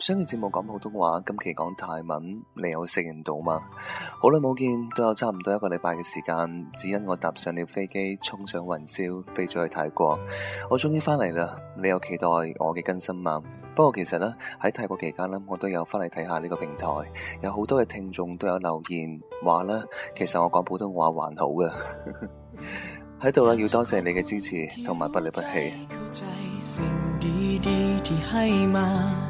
上期節目講普通話，今期講泰文，你有適應到嗎？好耐冇見，都有差唔多一個禮拜嘅時間，只因我搭上了飛機，衝上雲霄，飛咗去泰國。我終於翻嚟啦，你有期待我嘅更新嗎？不過其實呢，喺泰國期間呢，我都有翻嚟睇下呢個平台，有好多嘅聽眾都有留言話呢，其實我講普通話還好嘅。喺度啦，要多謝，謝你嘅支持同埋不離不棄。嗯嗯嗯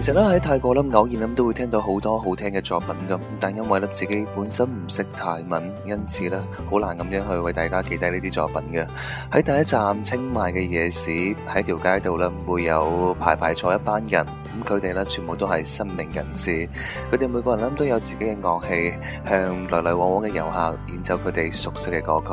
其實咧喺泰國咧，偶然咧都會聽到好多好聽嘅作品咁，但因為咧自己本身唔識泰文，因此咧好難咁樣去為大家記低呢啲作品嘅。喺第一站清邁嘅夜市，喺條街度咧會有排排坐一班人，咁佢哋咧全部都係失明人士，佢哋每個人咧都有自己嘅樂器，向來來往往嘅遊客演奏佢哋熟悉嘅歌曲。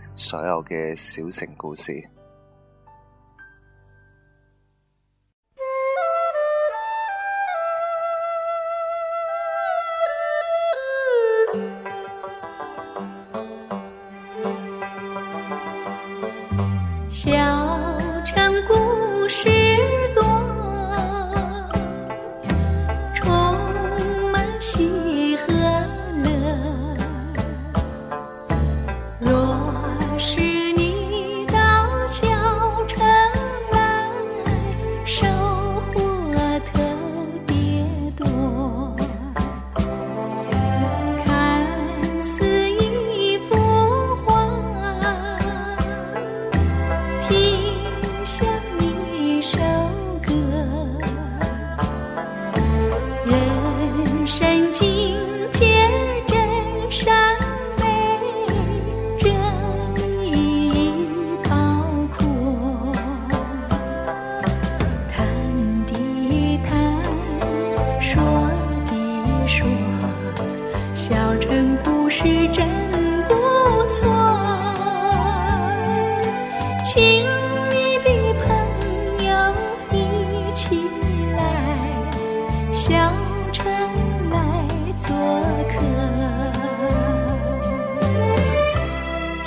所有嘅小城故事，小城故事。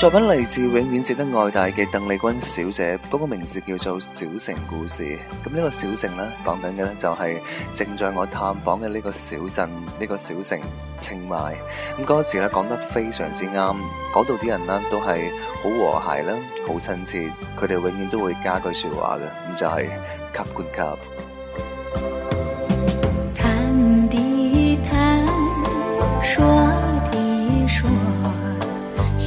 作品嚟自永遠值得愛戴嘅鄧麗君小姐，嗰個名字叫做《小城故事》。咁呢個小城呢，講緊嘅呢就係正在我探訪嘅呢個小鎮，呢個小城清邁。咁嗰時呢，講得非常之啱，嗰度啲人呢都係好和諧啦，好親切，佢哋永遠都會加句説話嘅，咁就係吸管」卡卡。吸 good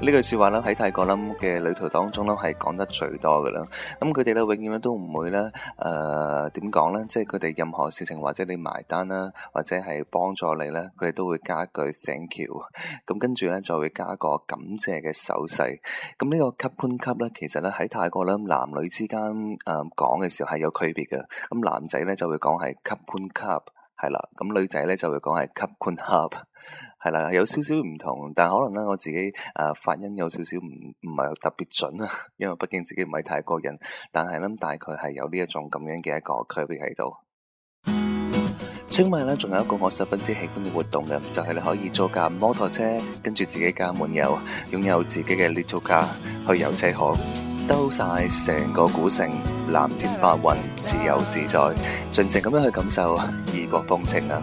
呢句說話咧喺泰國咧嘅旅途當中咧係講得最多嘅啦，咁佢哋咧永遠咧都唔會咧誒點講咧，即係佢哋任何事情或者你埋單啦，或者係幫助你呢，佢哋都會加句「Thank you」。咁跟住呢，再會加個感謝嘅手勢，咁呢個吸盤吸呢，其實呢，喺泰國咧男女之間誒、呃、講嘅時候係有區別嘅，咁男仔呢，就會講係吸盤吸，係啦，咁女仔呢，就會講係吸盤盒。係啦，有少少唔同，但可能咧，我自己誒發音有少少唔唔係特別準啊，因為畢竟自己唔係泰國人。但係咧，大概係有呢一種咁樣嘅一個區別喺度。清邁咧，仲有一個我十分之喜歡嘅活動嘅，就係你可以租架摩托車，跟住自己加滿油擁有自己嘅列車卡，去遊車河，兜曬成個古城，藍天白雲，自由自在，盡情咁樣去感受異國風情啊！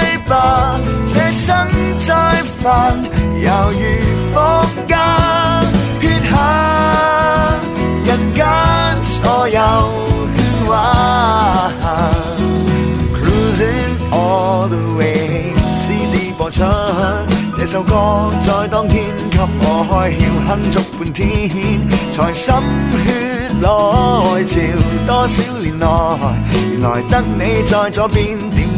吧，這生再煩，猶如放假，撇下人間所有喧嘩。Cruising all the way，CD 播出，這首歌在當天給我開竅，哼足半天才心血來潮。多少年來，原來得你在左邊。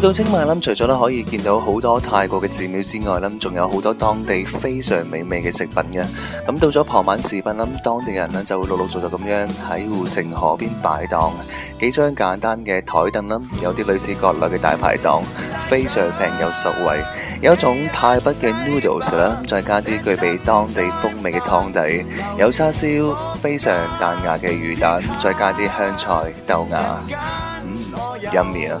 到清邁啦，除咗咧可以見到好多泰國嘅寺廟之外啦，仲有好多當地非常美味嘅食品嘅。咁到咗傍晚時分啦，當地人咧就會陸陸續續咁樣喺護城河邊擺檔，幾張簡單嘅台凳啦，有啲類似國內嘅大排檔，非常平又實惠。有一種泰北嘅 noodles 啦，再加啲具備當地風味嘅湯底，有叉燒，非常彈牙嘅魚蛋，再加啲香菜、豆芽，嗯，飲麵啊。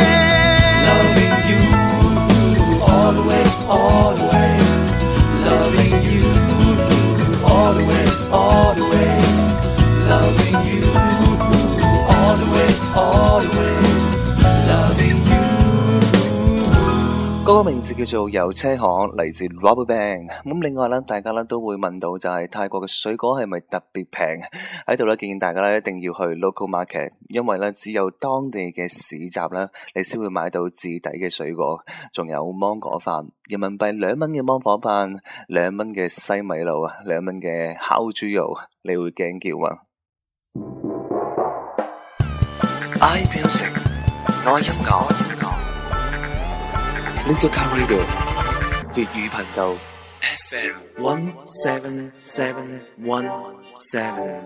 就叫做油車行，嚟自 Rubberband。咁另外咧，大家咧都會問到，就係泰國嘅水果係咪特別平？喺度咧建議大家咧一定要去 local market，因為咧只有當地嘅市集咧，你先會買到至抵嘅水果。仲有芒果飯，人民幣兩蚊嘅芒果飯，兩蚊嘅西米露啊，兩蚊嘅烤豬肉，你會驚叫嗎？I Music，愛音樂。Little Car Radio 粵語頻道。SM. One Seven Seven One Seven。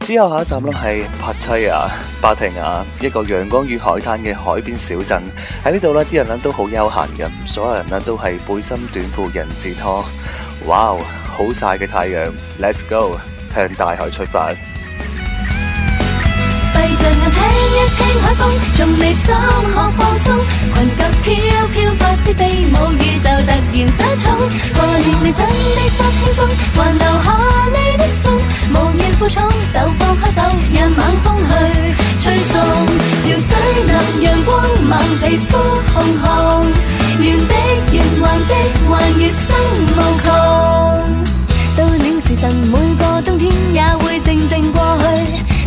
之後下一站咧係巴提亞，巴提亞，一個陽光與海灘嘅海邊小鎮。喺呢度呢啲人呢都好悠閒嘅，所有人呢都係背心短褲人字拖。哇，好曬嘅太陽，Let's go，向大海出發。聽海風，從未心可放鬆，裙角飄飄發，髮絲飛舞，宇宙突然失重。跨越你真的不輕鬆，還留下你的信。無怨苦楚，就放開手，讓晚風去吹送。 潮水藍，陽光猛，皮膚紅紅，圓的圓環的還月生無窮。 到了時辰，每個冬天也會。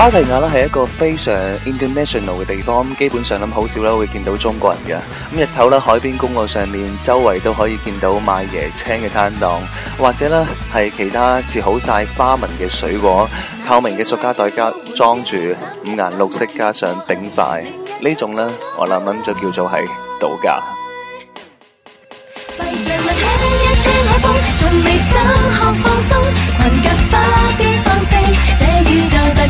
芭提亞咧係一個非常 international 嘅地方，基本上諗好少咧會見到中國人嘅。咁日頭咧海邊公路上面周圍都可以見到賣椰青嘅攤檔，或者咧係其他切好晒花紋嘅水果，透明嘅塑膠袋加裝住五顏六色加上頂塊呢種呢，我諗諗就叫做係度假。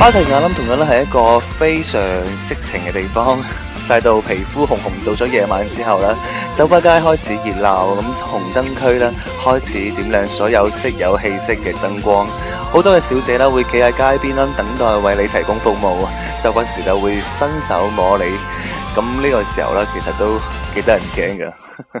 巴提亞林同樣咧係一個非常色情嘅地方，曬到皮膚紅紅。到咗夜晚之後咧，酒吧街開始熱鬧，咁紅燈區咧開始點亮所有色有氣息嘅燈光。好多嘅小姐咧會企喺街邊啦，等待為你提供服務。時不時就會伸手摸你，咁呢個時候咧其實都幾得人驚㗎。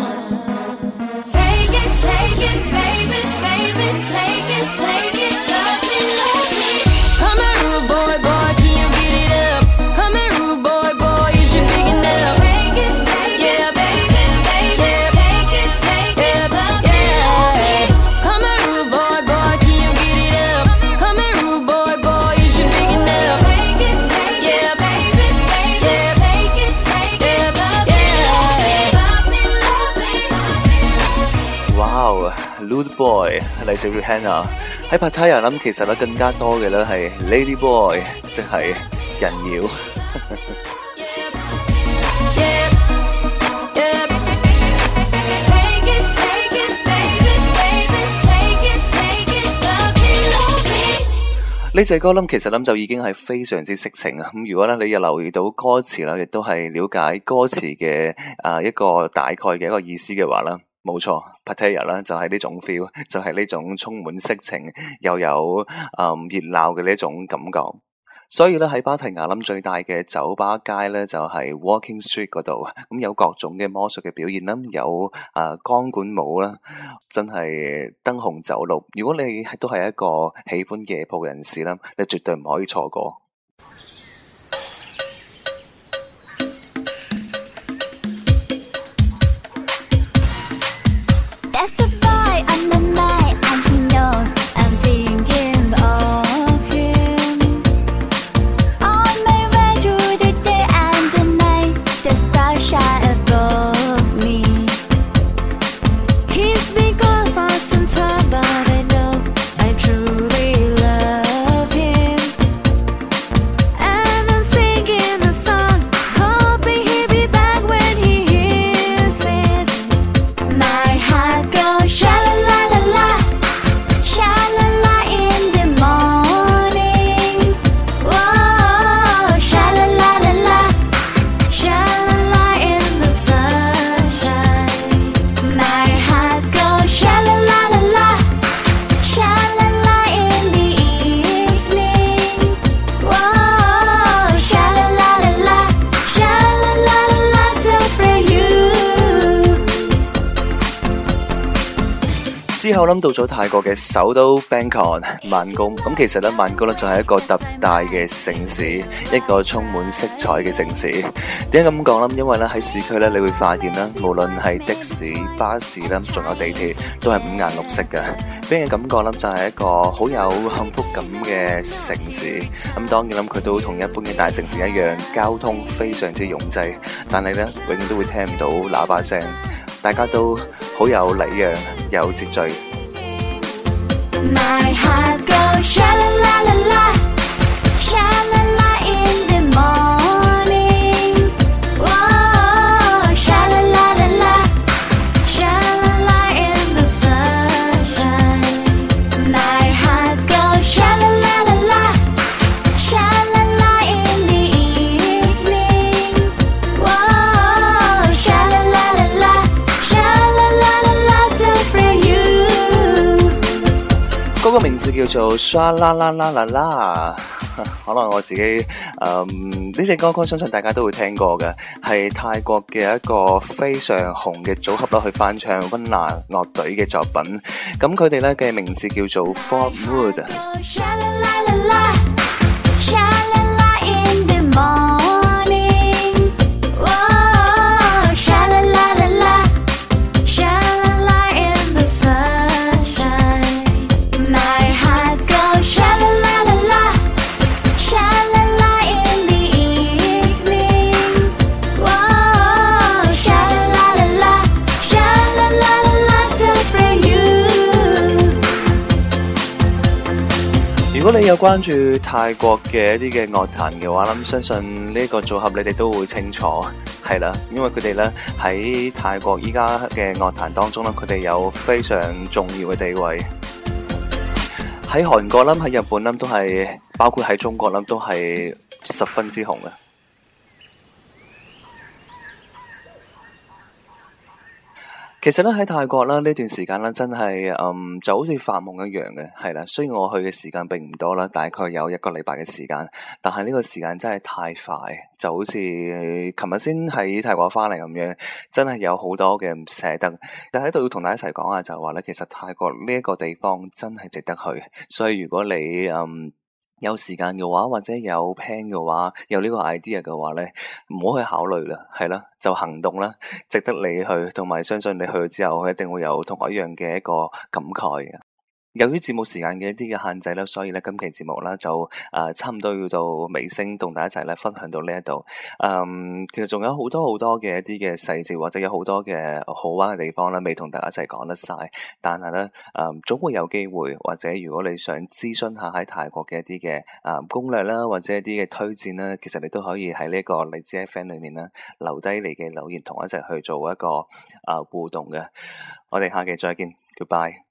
係《Sweet Hannah》，喺派對啊！咁其實咧更加多嘅咧係《Lady Boy》，即係人妖。呢隻歌諗，其實諗就已經係非常之色情啊！咁如果咧你又留意到歌詞啦，亦都係了解歌詞嘅啊一個大概嘅一個意思嘅話咧。冇錯，Pattaya 啦，Pattaya，就係呢種 feel，就係呢種充滿色情又有誒熱鬧嘅呢種感覺。所以咧喺芭提雅林最大嘅酒吧街咧，就係 Walking Street 嗰度，咁有各種嘅魔術嘅表現啦，有誒啊鋼管舞啦，真係燈紅酒綠。如果你都係一個喜歡夜蒲嘅人士啦，你絕對唔可以錯過。之後諗到咗泰國嘅首都 Bangkok 曼谷，咁其實咧曼谷咧就係一個特大嘅城市，一個充滿色彩嘅城市。點解咁講呢？因為咧喺市區咧你會發現咧，無論係的士、巴士咧，仲有地鐵，都係五顏六色嘅，俾人感覺咧就係一個好有幸福感嘅城市。咁當然咧，佢都同一般嘅大城市一樣，交通非常之擁擠，但係咧永遠都會聽唔到喇叭聲，大家都。好有禮讓，有秩序。My heart go shalala la la 叫做沙啦啦啦啦啦，可能我自己誒呢隻歌曲相信大家都會聽過嘅，係泰國嘅一個非常紅嘅組合落去翻唱溫拿樂隊嘅作品。咁佢哋咧嘅名字叫做 Four Wood。如果有關注泰國嘅一啲嘅樂壇嘅話，咁相信呢個組合你哋都會清楚，係啦，因為佢哋咧喺泰國依家嘅樂壇當中咧，佢哋有非常重要嘅地位。喺韓國啦、喺日本啦，都係，包括喺中國啦，都係十分之紅嘅。其實咧喺泰國咧呢段時間咧真係，嗯，就好似發夢一樣嘅，係啦。雖然我去嘅時間並唔多啦，大概有一個禮拜嘅時間，但係呢個時間真係太快，就好似琴日先喺泰國翻嚟咁樣，真係有好多嘅唔捨得。就喺度要同大家一齊講下就說，就話咧其實泰國呢一個地方真係值得去，所以如果你嗯。有時間嘅話，或者有 plan 嘅話，有呢個 idea 嘅話咧，唔好去考慮啦，係啦，就行動啦，值得你去，同埋相信你去咗之後，一定會有同我一樣嘅一個感慨嘅。由於節目時間嘅一啲嘅限制啦，所以咧今期節目咧就誒差唔多要到尾聲，同大家一齊咧分享到呢一度。嗯，其實仲有好多好多嘅一啲嘅細節，或者有好多嘅好玩嘅地方咧，未同大家一齊講得晒。但係咧，嗯，總會有機會，或者如果你想諮詢下喺泰國嘅一啲嘅啊攻略啦，或者一啲嘅推薦啦，其實你都可以喺呢個荔枝 FM 裏面咧留低你嘅留言，同我一齊去做一個啊互動嘅。我哋下期再見，Goodbye。